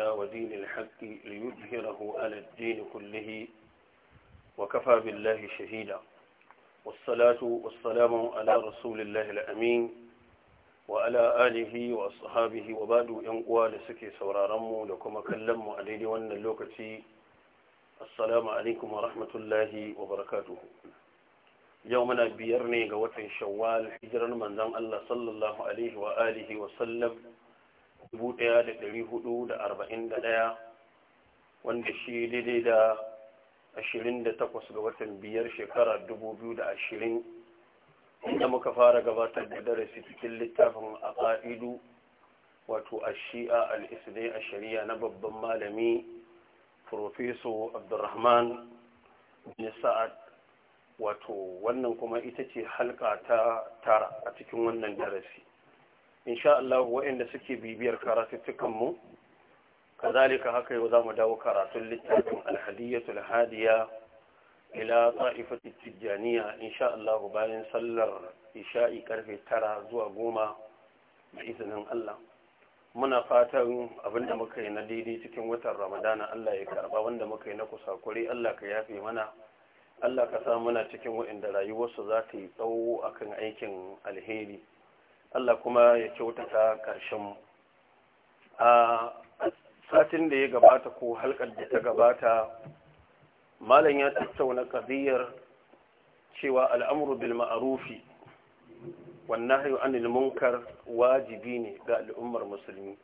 الهدى ودين الحق ليظهره على الدين كله وكفى بالله شهيدا والصلاة والسلام على رسول الله الأمين وعلى آله وأصحابه وبعد ينقوى لسكي سورارمو لكم كلمو عليه وأن اللوكتي السلام عليكم ورحمة الله وبركاته yau muna biyar ne ga watan shawwal hijirar manzon Allah sallallahu alaihi wa alihi wa sallam ɗaya wanda shi daidai da ashirin ga watan biyar shekara dubu da ashirin inda muka fara gabatar da darasi cikin littafin a ƙa'idu wato a shi'a al'isdai a shari'a na babban malami profeso abdurrahman bin sa'ad wato wannan kuma ita ce halka ta tara a cikin wannan darasi insha Allah wa'inda suke bibiyar karatuttukan mu kazalika haka yau zamu dawo karatun littafin alhadiyatul hadiya ila ta'ifatit tijaniya insha Allah bayan sallar isha'i karfe tara zuwa goma da izinin Allah muna fatan abinda muka yi na daidai cikin watan ramadana Allah ya karba wanda muka yi na kusakure Allah ka yafe mana Allah ka sa muna cikin waɗanda rayuwarsu za ta yi tsawo akan aikin alheri Allah kuma ya kyautata ƙarshen mu. a satin da ya gabata ko halkar da ta gabata malam ya tattauna ƙadiyar cewa al'amuru bil ma'arufi wannan hayo anil munkar wajibi ne ga al'ummar musulmi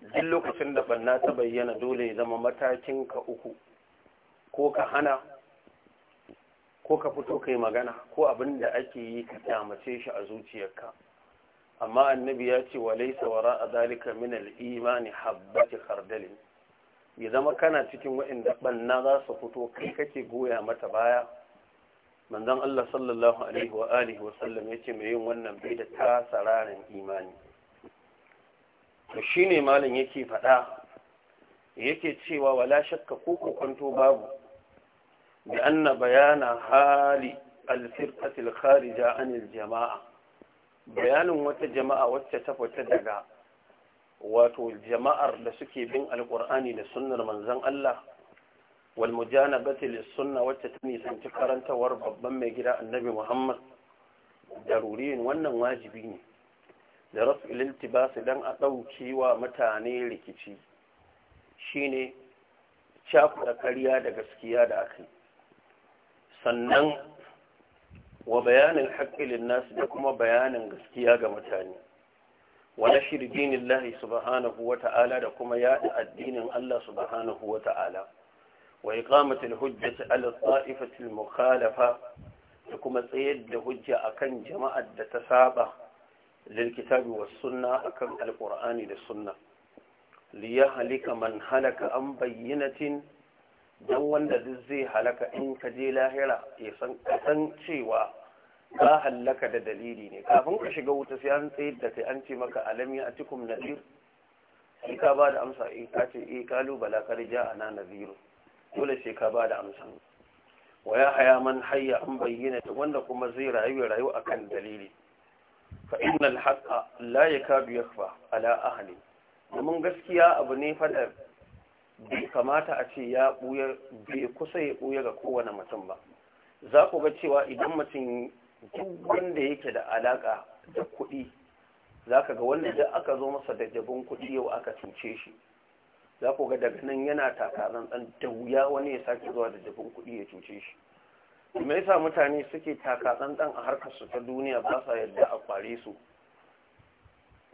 duk lokacin da banna ta bayyana dole ya zama matakin ka uku ko ka hana ko ka fito ka yi magana ko abin da ake yi ka shi a zuciyarka amma annabi ya ce wa laisa wara a zalika min imani habbati khardalin ya zama kana cikin waɗanda banna za su fito kai kake goya mata baya manzon Allah sallallahu alaihi wa alihi wa sallam yace mai yin wannan bai da tasararin imani to shine malam yake faɗa yake cewa wala shakka ko kokonto babu bi anna bayana hali al-firqati al-kharija anil jama'a bayanin wata jama'a wacce ta fita daga wato jama'ar da suke bin alkur'ani da sunnar manzon Allah wal mujanabati lis sunna wacce ta nisanci karantawar babban mai gida annabi Muhammad daruriyin wannan wajibi ne da raf'il iltibas dan a dauki wa mutane rikici shine da kariya da gaskiya da akai sannan wa bayanin haƙƙilin nasu da kuma bayanin gaskiya ga mutane wani shirdinin lahi subhanahu wa ta'ala da kuma yaɗa addinin Allah subhanahu wa ta'ala wa iqamatul hujjati ala ta'ifatil mukhalafa da kuma tsayar da hujja akan jama'ar da ta saba lil kitabi was sunna akan alqur'ani da sunna liyahlika man halaka an bayyinatin dan wanda duk zai halaka in ka je lahira ya san cewa ka hallaka da dalili ne kafin ka shiga wuta sai an tsayar da sai an ce maka alami a cikin nadir sai ka ba da amsa in eh, ka ce eh kalubala kar ja ana naziru dole sai ka ba da amsa wa ya haya man hayya an bayyana ta wanda kuma zai rayu rayu akan dalili fa innal haqa la yakadu yakfa ala ahli domin gaskiya abu ne fada bai kamata a ce ya buya bai kusa ya buya ga kowane mutum ba za ku ga cewa idan mutum duk wanda yake da alaka da kuɗi za ka ga wanda da aka zo masa da jabin kuɗi yau aka cuce shi za ku ga daga nan yana takarar ɗan da wuya wani ya sake zuwa da jabin kuɗi ya cuce shi me yasa mutane suke takarar ɗan a harkar su ta duniya ba sa yadda a kware su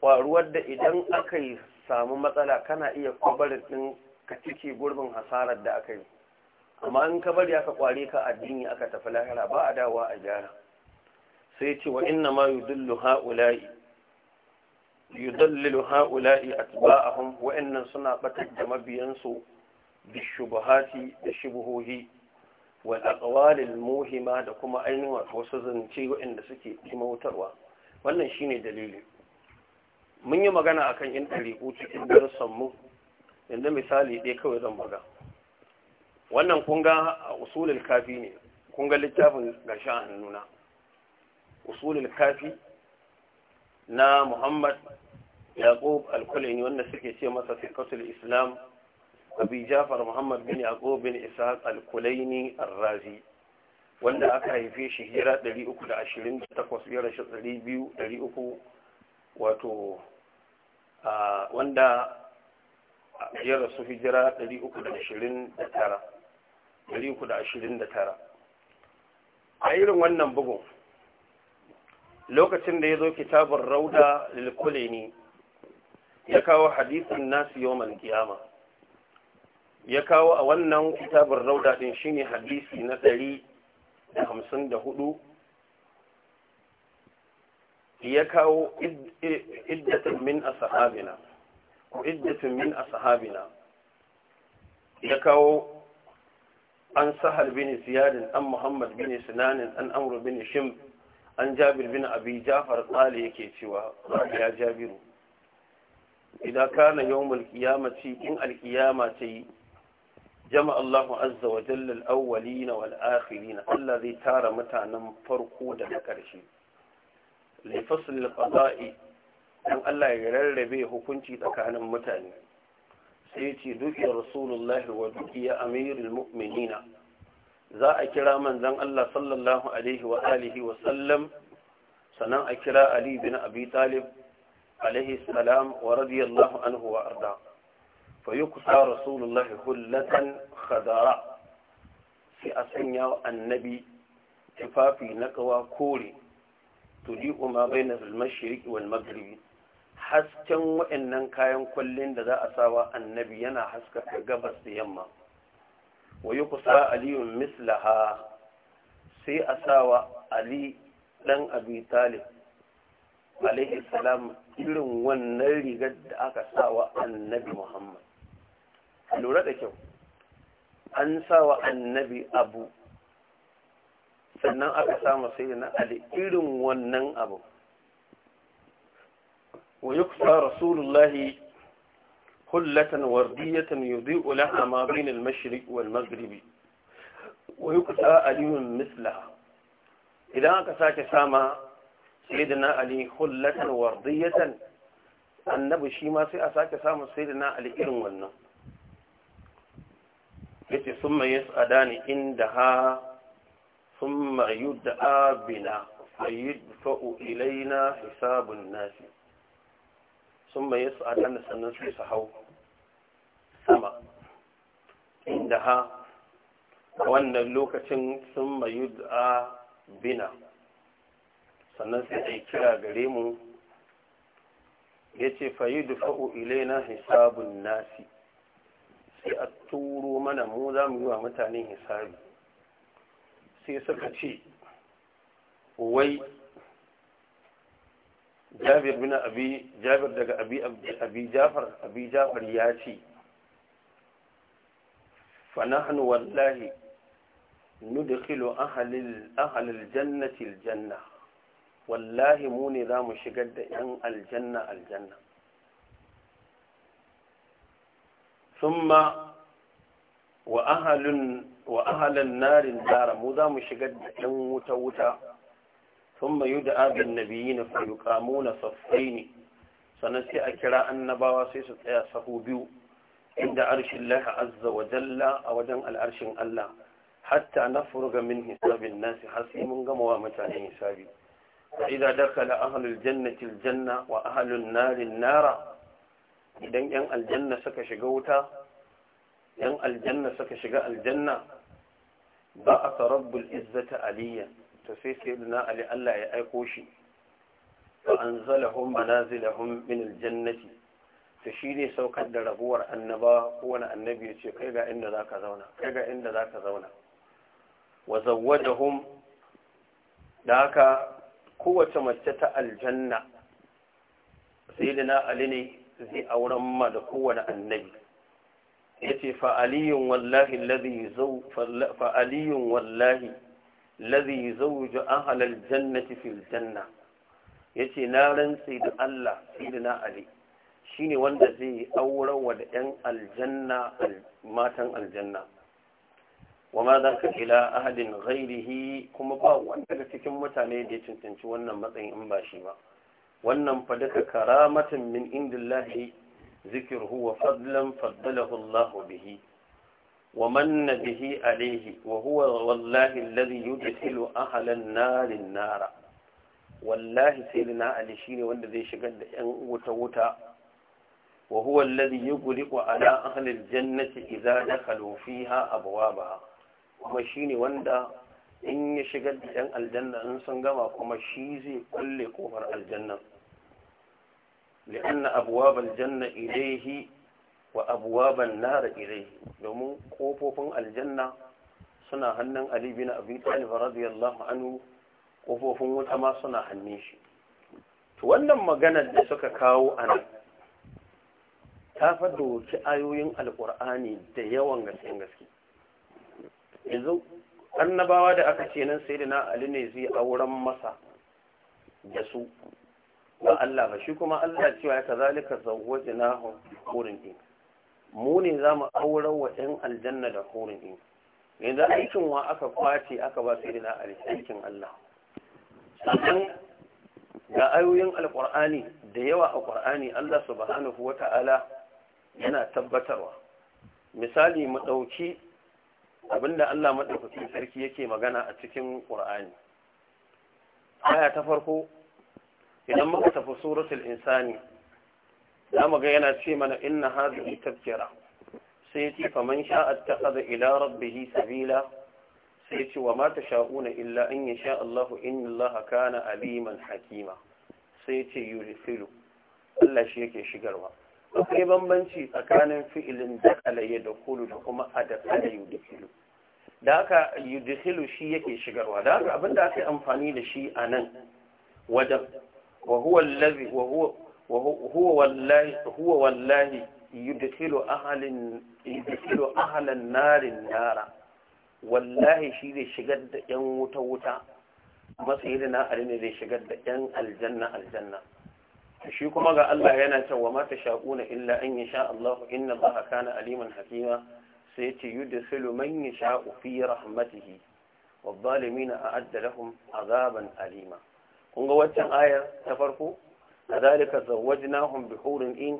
kwaruwar da idan aka yi samu matsala kana iya kwabarin ɗin ka cike gurbin hasarar da aka yi amma in ka bari aka kware ka addini aka tafi lahira ba a dawowa a gyara sai ce wa inna ma yudullu ha'ula'i yudallilu ha'ula'i atba'ahum wa'annan suna batar da mabiyansu bishubahati da shubuhohi wal aqwalil muhima da kuma ainihin wasu zance wa'anda suke kimautarwa wannan shine dalili mun yi magana akan in ɗariƙu cikin darussan mu yanzu misali ɗaya kawai zan buga wannan kunga a usulul kafi ne kunga littafin gashi a hannuna usulul kafi na muhammad yaqub al-kulaini wanda suke ce masa fiqatul islam abi jafar muhammad bin yaqub bin ishaq al-kulaini ar-razi wanda aka haife shi hira 328 ya rashi 200 300 wato wanda ya rasu hijira 329 a irin wannan bugun lokacin da ya zo kitabun rauda lilkule ne ya kawo hadisin nasu yau Malkiyama. ya kawo a wannan kitabun rauda din ne hadisi na ɗari da hamsin da hudu ya kawo iddatun min a sahabina ko iddatun min a sahabina ya kawo an sahar bin ziyarin an muhammad bin sinanin an amru bin shim an jabir bin abi jafar tsali yake cewa ya jabiru idan kana yawmul alkiyamaci in alqiyama ce jama Allah azza wa jalla al-awwalin wal akhirina Allah zai tara mutanen farko da na karshe li fasl al Allah ya rarrabe hukunci tsakanin mutane sai ce dukiya rasulullahi wa dukiya amirul mu'minina za a kira manzan Allah sallallahu alaihi wa alihi sannan a kira Ali bin Abi Talib alaihi salam wa radiyallahu anhu wa arda fa yuqsa rasulullah hullatan khadara sai a sanya wa annabi tufafi na kawa kore tudi'u ma na al-mashriq wal maghrib hasken waɗannan kayan kwallon da za a sawa annabi yana haskaka gabas da yamma wa yi kusa aliyun mislaha sai a sawa ali ɗan abi talib alaihi salam irin wannan rigar da aka sawa annabi muhammad lura da kyau an sawa annabi abu sannan aka samu sai na ali irin wannan abu wa yi kusa rasulullahi حلة وردية يضيء لها ما بين المشرق والمغرب ويكسى علي مثلها إذا كساك ساما سيدنا علي حلة وردية النبي شيما سيأساك ساما سيدنا علي إرم والنم ثم يسأداني عندها ثم يدعى بنا فيدفع إلينا حساب الناس ثم يسأل عن سنة صحوه sama inda ha wannan lokacin sun mayu da bina sannan sai a kira gare mu ya ce fayi ilaina hisabun nasi sai a turo mana mu za mu yi wa mutane hisabi sai suka ce wai jabir daga abi jafar abi jafar ya ce فنحن والله ندخل أهل, أهل الجنة الجنة والله موني ذا مشقد أن الجنة الجنة ثم وأهل وأهل النار النار مو ذا مشقد أن متوتا ثم يدعى بالنبيين فيقامون صفين سنسي أكرا أن سيسة يا صفو بيو inda arshin lahi azza wa jalla a wajen al'arshin Allah hatta na furga min hisabin nasi har sai mun gama wa mutane hisabi fa idza dakala ahlul jannati aljanna wa ahlun nari idan yan aljanna suka shiga wuta yan aljanna suka shiga aljanna ba a rabbul izzata aliyya to sai sayyidina ali Allah ya aiko shi fa anzalahum manazilahum min aljannati to shi ne saukar da rabuwar annaba ko wani annabi ya ce kai ga inda za ka zauna kai ga inda za ka zauna wa zawwajahum da haka kowace mace ta aljanna na ali ne zai auren ma da kowane annabi yace fa aliyun wallahi alladhi zaw fa aliyun wallahi alladhi zawju ahla aljannati fil janna yace na rantsi da Allah da na ali shine wanda zai auren wa da ‘yan aljanna matan aljanna wa ma za ka ila ahadin ghairihi kuma ba wanda daga cikin mutane da ya cancanci wannan matsayin in ba shi ba wannan fadaka karamatin min indillahi zikirhu wa fadlan faddalahu Allah bihi wa manna bihi alayhi wa huwa wallahi alladhi yudkhilu ahalin narin nara wallahi sayyidina ali shine wanda zai shigar da ‘yan wuta wuta وهو الذي يغلق على أهل الجنة إذا دخلوا فيها أبوابها kuma shine wanda in ya shiga da yan aljanna in sun gama kuma shi zai kulle kofar aljanna li'anna abwab aljanna ilayhi wa abwab an-nar ilayhi domin kofofin aljanna suna hannun Ali bin Abi Talib radiyallahu anhu kofofin wuta ma suna hannun shi to wannan maganar da suka kawo anan ta fada wuce ayoyin alkur'ani da yawan gaske gaske yanzu annabawa da aka ce nan sai da na ali ne zai auren masa da su ba Allah ba shi kuma Allah cewa ka zalika zawwajna hurin din mu ne za mu aure wa ɗan aljanna da hurin din yanzu aikin wa aka kwace aka ba sai da na ali aikin Allah sannan ga ayoyin alkur'ani da yawa a qur'ani Allah subhanahu wata'ala yana tabbatarwa misali mu ɗauki abinda Allah maɗaukakin sarki yake magana a cikin ƙur'ani aya ta farko idan muka tafi suratul insani za mu ga yana ce mana inna hadhihi tafkira sai ce faman sha'a ittakhadha ila rabbihi sabila sai ce wa mata sha'una illa an yasha Allah inna Allah kana aliman hakima sai ce yursilu Allah shi yake shigarwa akwai bambanci tsakanin fi'ilin da ya da kulu da kuma a dakala yudhilu da aka yudhilu shi yake shigarwa da aka da aka yi amfani da shi a nan wajen huwa wallahi yudhilu ahlan yudhilu narin nara wallahi shi zai shigar da yan wuta wuta matsayi da na ne zai shigar da yan aljanna aljanna shi kuma ga Allah yana cewa ma ta shaƙuna illa an yasha Allah inna Allah kana aliman hakima sai yace yudkhilu man yasha fi rahmatihi wadh-dhalimina a'adda lahum azaban alima kun ga waccan ayar ta farko zawajnahum bi bihurin in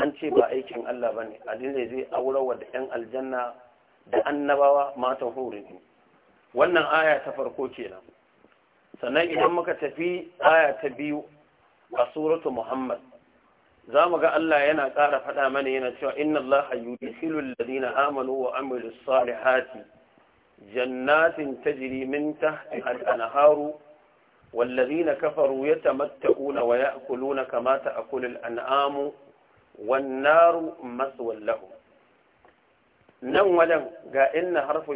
an ce ba aikin Allah bane adinda zai wa da yan aljanna da annabawa matan hurin in wannan aya ta farko kenan sannan idan muka tafi aya ta biyu a suratu muhammad za mu ga Allah yana ƙara faɗa mana yana cewa inna Allah yudkhilu alladhina amanu wa amilu salihati jannatin tajri min tahtiha al-anharu والذين wa ya'kuluna kama كما تأكل الأنعام والنار مسوى لهم nan wajen ga inna harfu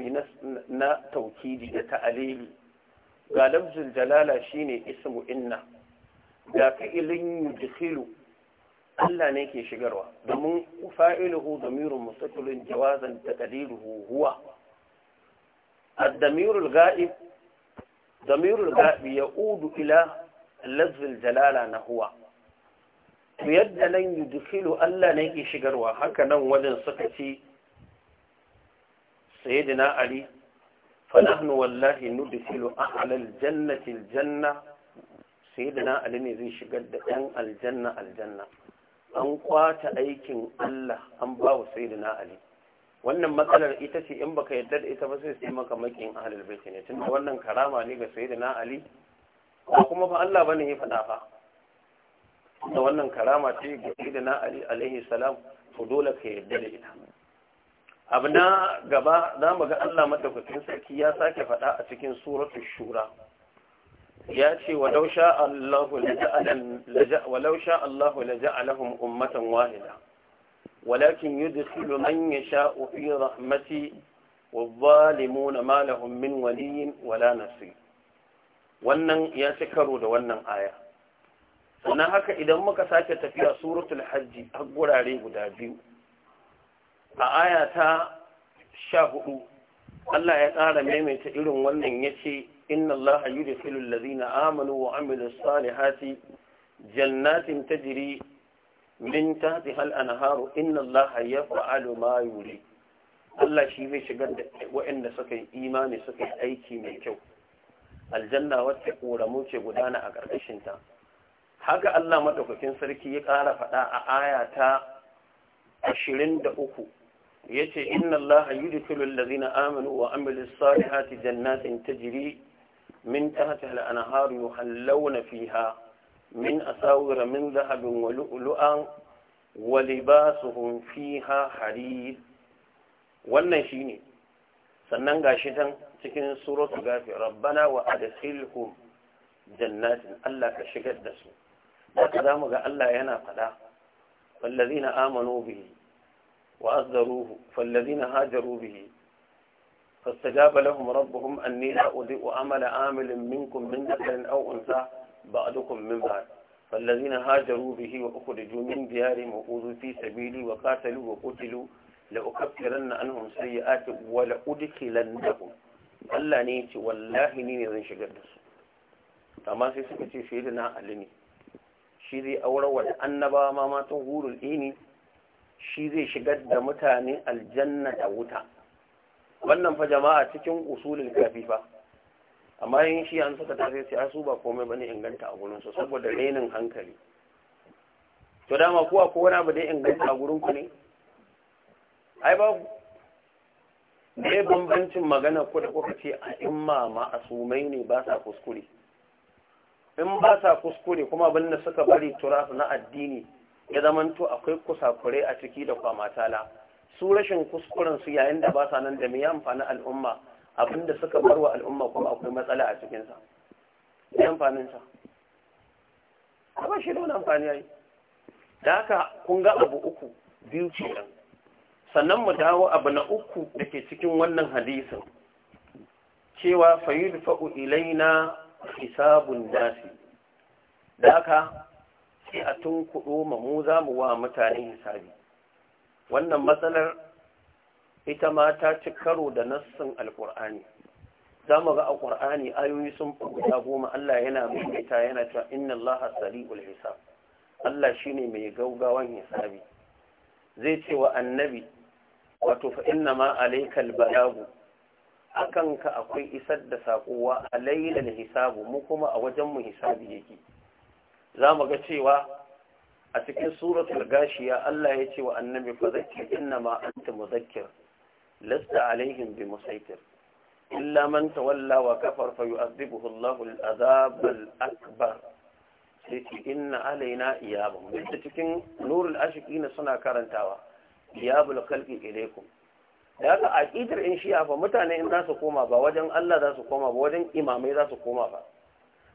na taukidi da ta'alili ga lafzul jalala shine ismu inna ga fi'ilin yudkhilu Allah ne ke shigarwa domin fa'iluhu damirun mustaqilun jawazan taqdiruhu huwa ad-damirul ghaib damirul ghaib ya'udu ila lazzil jalala na huwa to yadda lan yudkhilu Allah ne ke shigarwa haka nan wajen suka ci sayyidina ali fa nahnu wallahi nudkhilu ahlal jannati al-janna sai da ali ne zai shigar da ɗan aljanna aljanna an kwata aikin Allah an ba wa sai da ali wannan matsalar ita ce in baka yarda da ita ba sai sai maka makin ahlul baiti ne tunda wannan karama ne ga sai da ali ko kuma fa Allah bane ya faɗa fa da wannan karama ce ga sai da ali alaihi salam to dole ka yarda da ita abu na gaba za mu ga Allah madaukakin sarki ya sake faɗa a cikin suratul shura ya ce walau sha Allahu laja'alahum ummatan wahida walakin yudkhilu man yasha'u fi rahmati والظالمون ما لهم من ولي ولا نصير wannan ya ci karo da wannan aya sannan haka idan muka sake tafiya suratul hajji har gurare guda biyu a aya ta sha hudu Allah ya ƙara maimaita irin wannan ya ce inna Allah yudkhilu allazina amanu wa tsari salihati jannatin ta jiri min hal al-anharu inna Allah yaf'alu ma yuri Allah shi zai shigar da waɗanda suka yi imani suka yi aiki mai kyau aljanna wacce ƙoramu ce gudana a ƙarƙashinta. haka Allah madaukakin sarki ya ƙara faɗa a aya ta 23 yace inna allaha yudkhilu allazina amanu wa amilu salihati jannatin tajri min tahtiha al-anhar yuhalluna fiha min asawir min dhahabin wa lu'lu'an wa libasuhum fiha harir wannan shine sannan gashi dan cikin suratul ghafir rabbana wa adkhilhum jannatin Allah ka shigar da su haka zamu ga Allah yana fada wallazina amanu bihi وأصدروه فالذين هاجروا به فاستجاب لهم ربهم أني لا أضيء عمل عامل منكم من ذكر أو أنثى بعضكم من بعد فالذين هاجروا به وأخرجوا من ديارهم وأوذوا في سبيلي وقاتلوا وقتلوا لأكفرن عنهم سيئات ولأدخلنهم Allah ne ce wallahi ni ne zan shigar da su amma sai suka ce sai da na alini shi zai aure wa annabawa ma matan hurul ini shi zai shigar da mutane aljanna da wuta wannan fa jama'a cikin usulin kafifa amma yin shi an suka tafi sai su ba komai bane inganta a gurin su saboda renin hankali to dama kuwa ko wani abu da inganta a gurin ku ne ai babu ne bambancin magana ko da kuka ce a imama a sumai ne ba sa kuskure in ba sa kuskure kuma abin da suka bari turas na addini ya zamanto akwai kusakurai a ciki da matala su rashin kuskuren su yayin da ba sa nan da me amfani al'umma abinda suka bar wa al'umma kuma akwai matsala a cikinsa ya amfanin sa a ba shi da wani amfani yayi da haka kun ga abu uku biyu kenan sannan mu dawo abu na uku da ke cikin wannan hadisin cewa fayil fa'u ilaina hisabun dasi da haka sai a tunkuɗo ma mu za mu wa mutane hisabi wannan matsalar ita ma ta ci karo da nassin Alƙur'ani. za mu ga a ƙur'ani ayoyi sun fi goma Allah yana maimaita yana cewa inna Allah sari'ul hisab Allah shi ne mai gaugawan hisabi zai ce wa annabi wato fa inna ma alaikal balagu akan ka akwai isar da saƙowa lailal hisabu mu kuma a wajen mu hisabi yake za mu ga cewa a cikin suratul gashiya Allah ya ce wa annabi fa inna ma anta muzakkir lasta alaihim bi musaitir illa man tawalla wa kafar fa yu'adhibuhu Allahu al-adhab akbar sai ce inna alaina iyabu. da cikin nurul ashiqin suna karantawa iyabul khalqi ilaikum. da haka aqidar in shi'a fa mutane in za su koma ba wajen Allah za su koma ba wajen imamai za su koma ba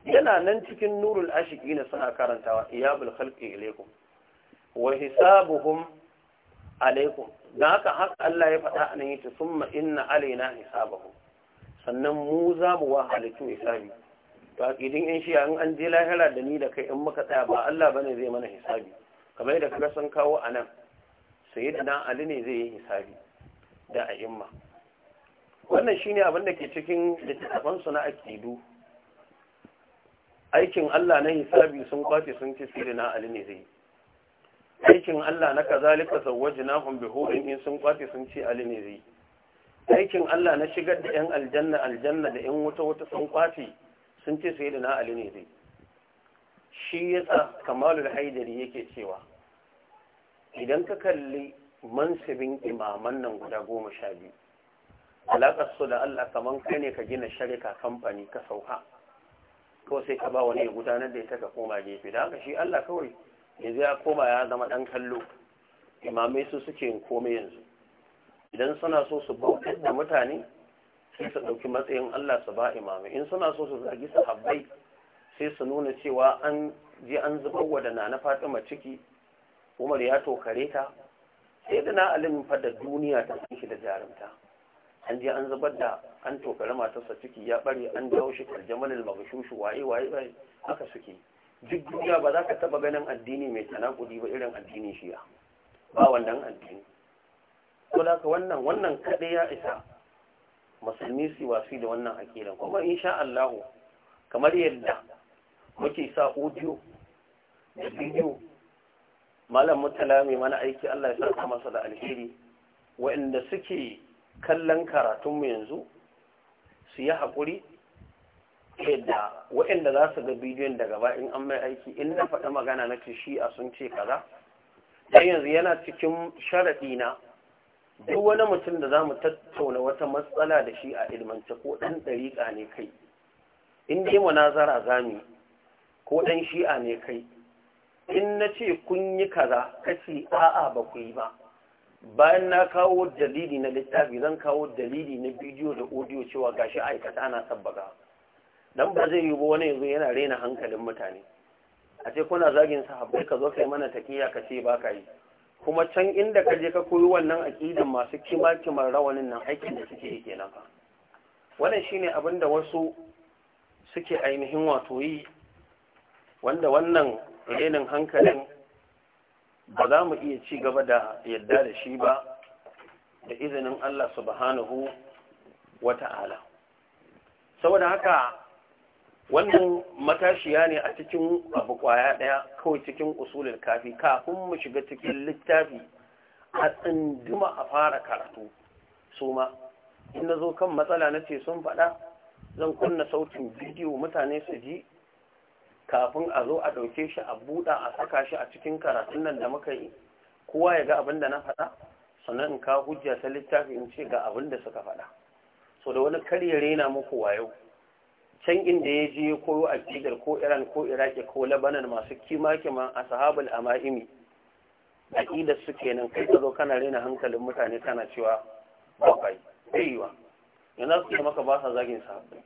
yana nan cikin nurul ashiki na suna karantawa iyabul khalqi ilaikum wa hisabuhum alaikum dan haka har Allah ya faɗa anan ta summa inna alaina hisabahum sannan mu za mu wa halittu hisabi to akidin in shi an an je lahira da ni da kai in muka tsaya ba Allah bane zai mana hisabi kamar da kaga san kawo anan sayyidina Ali ne zai yi hisabi da a'imma wannan shine abin da ke cikin littattafansu na akidu aikin Allah na hisabi sun kwace sun ce sirri na Ali ne zai aikin Allah na kazalika zawwajnahum bihurin in sun kwace sun ce Ali ne zai aikin Allah na shigar da ‘yan aljanna aljanna da ‘yan wuta-wuta sun kwace sun ce sai da na Ali ne zai shi ya sa kamalul haidari yake cewa idan ka kalli mansibin imaman nan guda goma sha biyu alaƙar su da Allah kaman kai ne ka gina sharika kamfani ka sauka ko sai ka ba wani ya gudanar da ita ka koma gefe da haka shi Allah kawai yanzu ya koma ya zama dan kallo imamai su suke yin komai yanzu idan suna so su bautar da mutane sai su ɗauki matsayin Allah su ba imamai in suna so su zagi su Habbai, sai su nuna cewa an je an zubar wa da na Fatima ciki Umar ya tokare ta sai da na alimin da duniya ta san da jarumta an je an zubar da an tokare matarsa ciki ya bare an dawo shi tarjamalil magshushu waye waye waye haka suke duk duniya ba za ka taba ganin addini mai tanakudi ba irin addini shiya ba wannan addini ko da wannan wannan kade ya isa musulmi su wasu da wannan akidan kuma insha Allah kamar yadda muke sa audio da video malam mutala mai mana aiki Allah ya saka masa da alheri waɗanda suke kallon karatunmu yanzu su yi hakuri? yadda waɗanda za su ga bidiyon daga ba in an mai aiki in na faɗa magana na ce shi a sun ce kaza dan yanzu yana cikin sharaɗi na duk wani mutum da za mu tattauna wata matsala da shi a ilmance ko ɗan ɗariƙa ne kai in dai munazara za mu ko ɗan shi'a ne kai in na ce kun yi kaza kaci a'a ba ku yi ba bayan na kawo dalili na littafi zan kawo dalili na bidiyo da audio cewa gashi aikata ana sabbaka dan ba zai yi ba wani yanzu yana rena hankalin mutane a ce kuna zagin sahabbai ka zo kai mana takiya ka ce ba ka yi kuma can inda ka je ka koyi wannan aqidan masu kima kimar rawanin nan aikin da suke yi kenan fa wannan shine abin da wasu suke ainihin wato yi wanda wannan renin hankalin ba za mu iya ci gaba da yadda da shi ba da izinin Allah subhanahu wa ta'ala saboda haka wannan matashiya ne a cikin abu kwaya daya kawai cikin usulul kafi kafin mu shiga cikin littafi a tsinduma a fara karatu su ma in zo kan matsala na ce sun faɗa zan kunna sautin bidiyo mutane su ji kafin a zo a ɗauke shi a buɗa a saka shi a cikin karatun nan da muka yi kowa ya ga abin da na faɗa sannan in ka hujja ta littafi in ce ga abin da suka faɗa so da wani karya rena muku wayo can inda ya je koyo a kidar ko iran ko iraki ko labanan masu kima kiman a sahabul ama'imi aƙidar su kenan kai ka zo kana rena hankalin mutane kana cewa ba kai yanzu su maka ba sa zagin sahabbai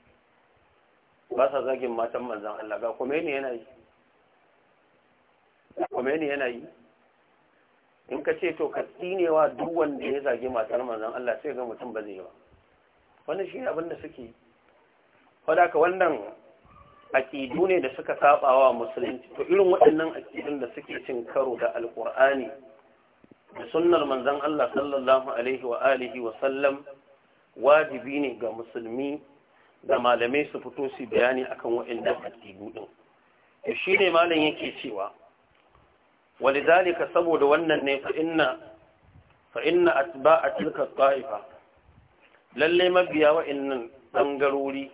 ba sa zagin matan manzan Allah ga Khomeini yana yi Khomeini yana yi in ka ce to ka tsinewa duk wanda ya zagi matar manzan Allah sai ga mutum ba zai ba Wani shi abin da suke fada ka wannan aƙidu ne da suka sabawa musulunci to irin waɗannan aƙidun da suke cin karo da alkur'ani da sunnar manzan Allah sallallahu alaihi wa alihi wa sallam wajibi ne ga musulmi da malamai su fito su bayani akan waɗannan addinu din to shine malam yake cewa walidalika saboda wannan ne fa inna fa inna atba'a tilka ta'ifa lalle mabiya wa'annan bangarori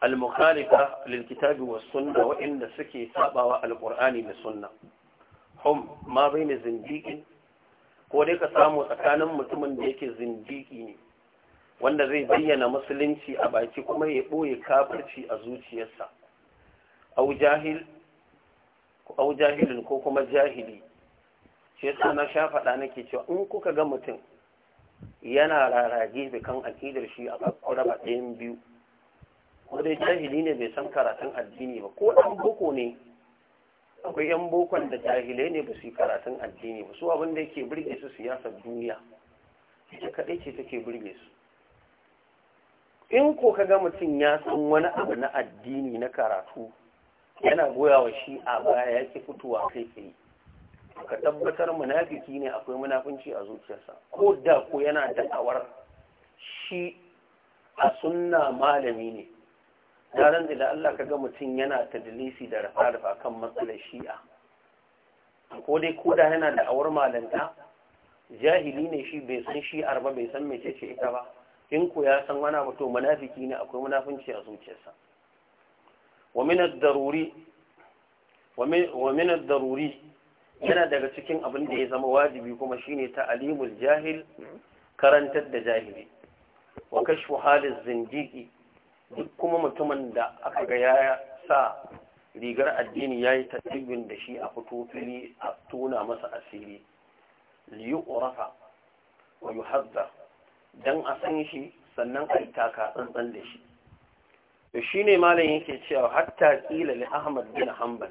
al-mukhalifa lilkitabi was sunna wa'anda suke sabawa al da sunna hum ma bayna zindiqin ko dai ka samu tsakanin mutumin da yake zindiqi ne wanda zai bayyana musulunci a baki kuma ya ɓoye kafirci a zuciyarsa au jahilin ko kuma jahili shi na sha faɗa nake cewa in kuka ga mutum yana rarage da kan aƙidar shi a raba ɗayan biyu ko jahili ne bai san karatun addini ba ko ɗan boko ne akwai yan bokon da jahilai ne ba su karatun addini ba su abin da yake burge su siyasar duniya ita kaɗai ce take burge su in ko ka ga mutum ya san wani abu na addini na karatu yana goya wa shi a baya ya ke fitowa kai tsaye ka tabbatar munafiki ne akwai munafunci a zuciyarsa ko da ko yana da'awar shi a sunna malami ne daren da Allah ga mutum yana ta dalisi da rafa-rafa kan matsalar shi'a ko dai ko da yana da'awar malanta jahili ne shi bai san shi'ar ba bai san mece ce ita ba in ku ya san wana abu to munafiki ne akwai munafinci a zuciyarsa wa min ad-daruri wa min ad-daruri yana daga cikin abin da ya zama wajibi kuma shine ta'limul jahil karantar da jahili wa kashfu haliz zindiqi duk kuma mutumin da aka ga ya sa rigar addini yayi tattibin da shi a fito fili a tona masa asiri liyu'rafa wa yuhaddar don a san shi sannan a yi taka tsantsan da shi to shi ne malam yake cewa hatta kila li ahmad bin hanbal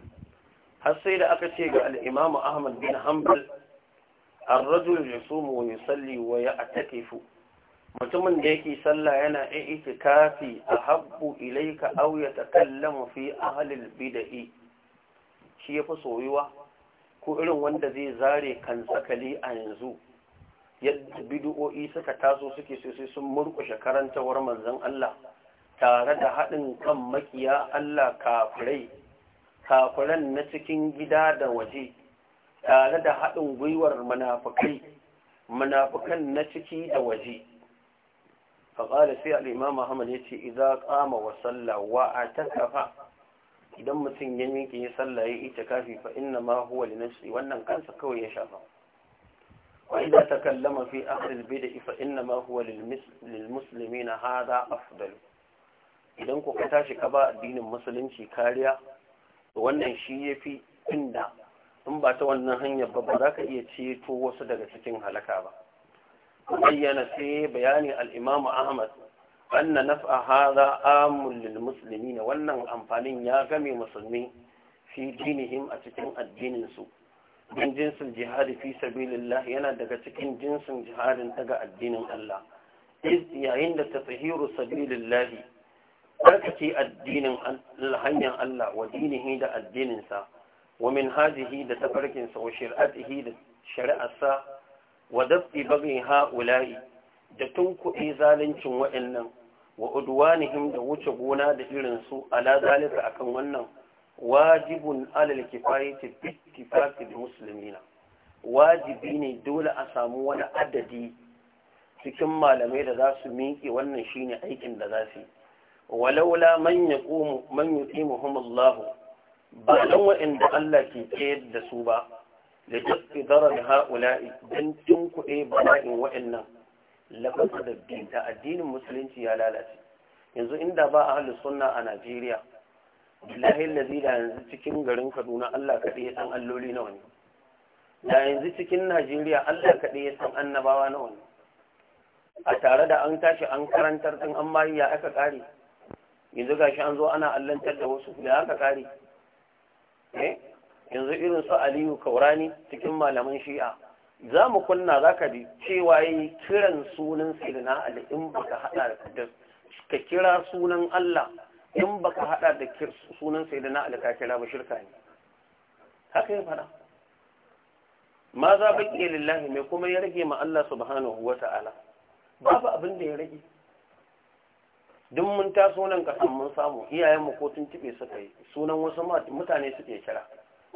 har sai da aka ce ga al'imamu ahmad bin hanbal الرجل a ويصلي ويعتكف mutumin da yake sallah yana itikafi ahabbu ilayka aw yatakallamu fi ahli albid'i shi yafi soyuwa ko irin wanda zai zare kan tsakali a yanzu yadda bid'u'o'i suka taso suke so sai sun murƙushe karantawar manzon Allah tare da haɗin kan makiya Allah kafirai kafiran na cikin gida da waje tare da haɗin gwiwar munafukai munafukan na ciki da waje qala sai al-imam Muhammad ya ce qama wa salla a atakafa idan mutum ya yake ya sallaye ita kafi fa inna ma huwa li nafsi wannan kansa kawai ya shafa وإذا تكلم في أهل البدع فإنما هو للمسلمين هذا أفضل idan ku ka tashi ka ba addinin musulunci kariya wannan shi ya fi inda in ba ta wannan hanyar ba ba za ka iya ceto wasu daga cikin halaka ba bayyana sai bayani al'imamu ahmad anna naf'a hadha amun lil muslimin wannan amfanin ya game musulmi fi dinihim a cikin addinin su don jinsin jihadi fi sabilillah yana daga cikin jinsin jihadin daga addinin Allah yayin da tafihiru sabilillah tsarkake addinin hanyar Allah wa dinihi da addininsa wa min hajihi da tafarkinsa wa shari'atihi da shari'arsa wa dafi bagin ha'ula'i da tun kuɗi zaluncin waɗannan wa udwanihim da wuce gona da irinsu ala zalika akan wannan wajibun alal kifayati bi ittifaqi wajibi ne dole a samu wani adadi cikin malamai da za su miƙe wannan shine aikin da za su yi walaula man yaqumu man yuqimuhum Allah ba dan wa'anda Allah ke tsayar da su ba da tafi darar ha'ula'i dan tun kuɗe bala'in wa'annan lafasa da addinin musulunci ya lalace yanzu inda ba a halin sunna a Najeriya billahi lazi da yanzu cikin garin kaduna allah kaɗe ya san alloli nawa ne da yanzu cikin najeriya allah kaɗe ya san annabawa nawa ne a tare da an tashi an karantar ɗin an bayi ya aka ƙare yanzu gashi an zo ana allantar da wasu ya aka ƙare eh, yanzu irin su aliyu kaurani cikin malaman shi'a za mu kunna za ka bi cewa yi kiran sunan sirina ali in ka haɗa da ka kira sunan allah in baka haɗa da sunan sai da na alkakira ba shirka ne haka ya fada ma za baƙi lillahi mai kuma ya rage ma Allah subhanahu wa ta'ala babu abin da ya rage duk mun taso nan kasan mun samu iyayenmu ko tun tibe suka yi sunan wasu mutane suke kira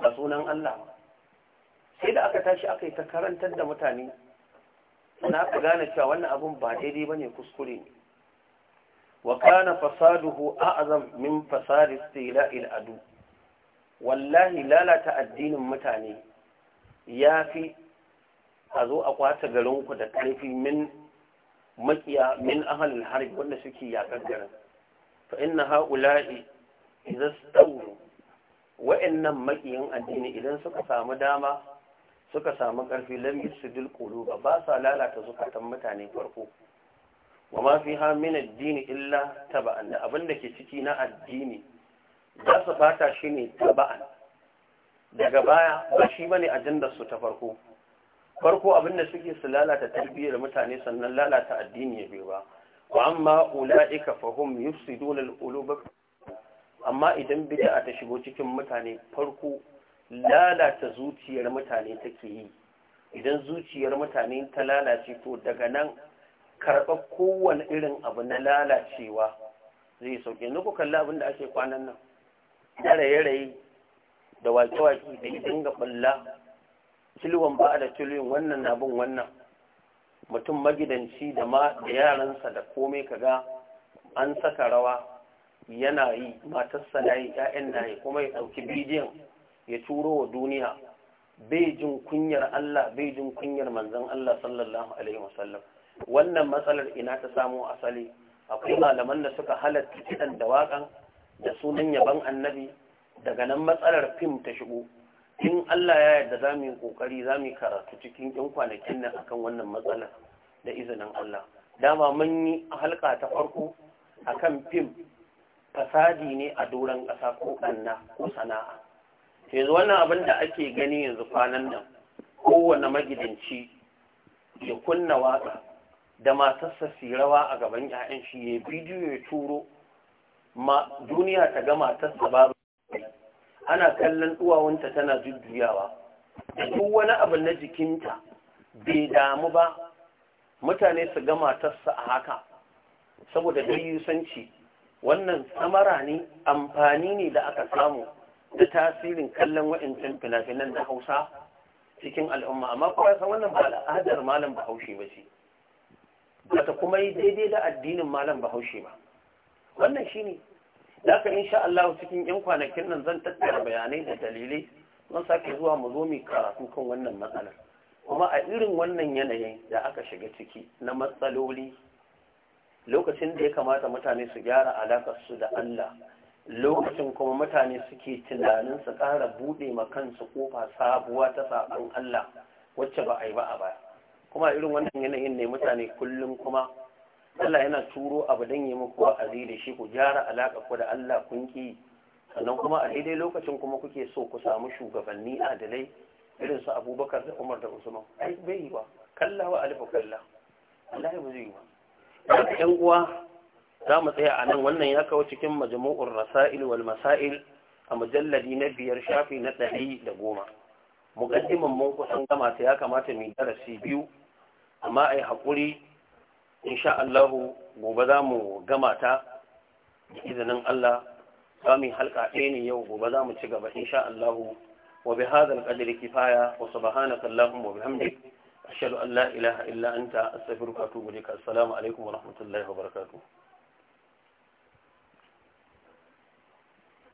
a sunan Allah sai da aka tashi aka yi ta karantar da mutane na aka gane cewa wannan abun ba daidai bane kuskure ne wa kana fasaduhu a'zam min fasadi istila'il adu wallahi lalata addinin mutane yafi a zo a garin garinku da karfi min makiya min ahalin harbi wanda suke yakar garin fa inna ha'ula'i idza stawru wa'annan makiyan addini idan suka samu dama suka samu karfi su yusdil quluba ba sa lalata zukatan mutane farko wa ma fi min addini illa taba'an da abin da ke ciki na addini za su fata shi ne taba'an daga baya ba shi bane ajandar su ta farko farko abin da suke su lalata tarbiyyar mutane sannan lalata addini ya biyo ba wa amma ula'ika fahum yufsiduna al-quluba amma idan bid'a ta shigo cikin mutane farko lalata zuciyar mutane take yi idan zuciyar mutane ta lalace to daga nan karɓar kowane irin abu na lalacewa zai sauke ni ku kalli abin da ake kwanan nan na raye-raye da wake-wake da idan ga ɓalla kilwan ba da kilwin wannan na bin wannan mutum magidanci da ma da yaransa da komai ka ga an saka rawa yana yi matarsa na yi ƴaƴan na yi kuma ya ɗauki bidiyon ya turo wa duniya bai jin kunyar Allah bai jin kunyar manzon Allah sallallahu alaihi wasallam wannan matsalar ina ta samo asali akwai malaman da suka halatta kiɗan da waƙan da sunan yaban annabi daga nan matsalar fim ta shigo in Allah ya yarda za mu yi ƙoƙari za mu yi karatu cikin 'yan kwanakin nan akan wannan matsalar da izinin Allah dama mun yi halka ta farko akan fim fasadi ne a doron ƙasa ko ƙanna ko sana'a yanzu wannan abin da ake gani yanzu kwanan nan kowane magidanci ya kunna waƙa da matarsa su rawa a gaban 'ya'yan shi ya bidiyo ya turo ma duniya ta ga matarsa babu ana kallon duwawunta tana jujjuyawa duk wani abu na jikinta bai damu ba mutane su ga matarsa a haka saboda dayyusanci wannan samara ne amfani ne da aka samu da tasirin kallon wa'incan fina-finan da hausa cikin al'umma amma kuma san wannan ba al'adar malam bahaushe ba ce Bata kuma yi daidai da addinin malam bahaushe ba wannan shi ne daga insha Allah cikin 'yan kwanakin nan zan tattara bayanai da dalilai zan sake zuwa mu zo mu karatu kan wannan matsalar kuma a irin wannan yanayin da aka shiga ciki na matsaloli lokacin da ya kamata mutane su gyara su da Allah lokacin kuma mutane suke tunanin su ƙara buɗe ma kansu kofa sabuwa ta sabon Allah wacce ba a yi ba a baya kuma irin wannan yanayin ne mutane kullum kuma Allah yana turo abu dan yi muku wa'azi da shi ku gyara alaƙa ku da Allah kun ki sannan kuma a daidai lokacin kuma kuke so ku samu shugabanni adalai irin su Abubakar da Umar da Usman ai bai yi ba kalla wa alifa kalla Allah ya zai yi ba ƴan uwa za mu tsaya a nan wannan ya kawo cikin majmu'ur rasail wal masail a mujalladi na biyar shafi na ɗari da goma muƙaddimin mun kusan gama ta ya kamata mu darasi biyu amma a yi haƙuri insha Allahu gobe za mu gama ta izinin Allah za mu yi halka ɗaya ne yau gobe za mu ci gaba insha Allahu wa bi hadal qadri kifaya wa subhanaka allahumma wa bihamdik ashhadu an la ilaha illa anta astaghfiruka wa atubu ilaik assalamu alaikum wa rahmatullahi wa barakatuh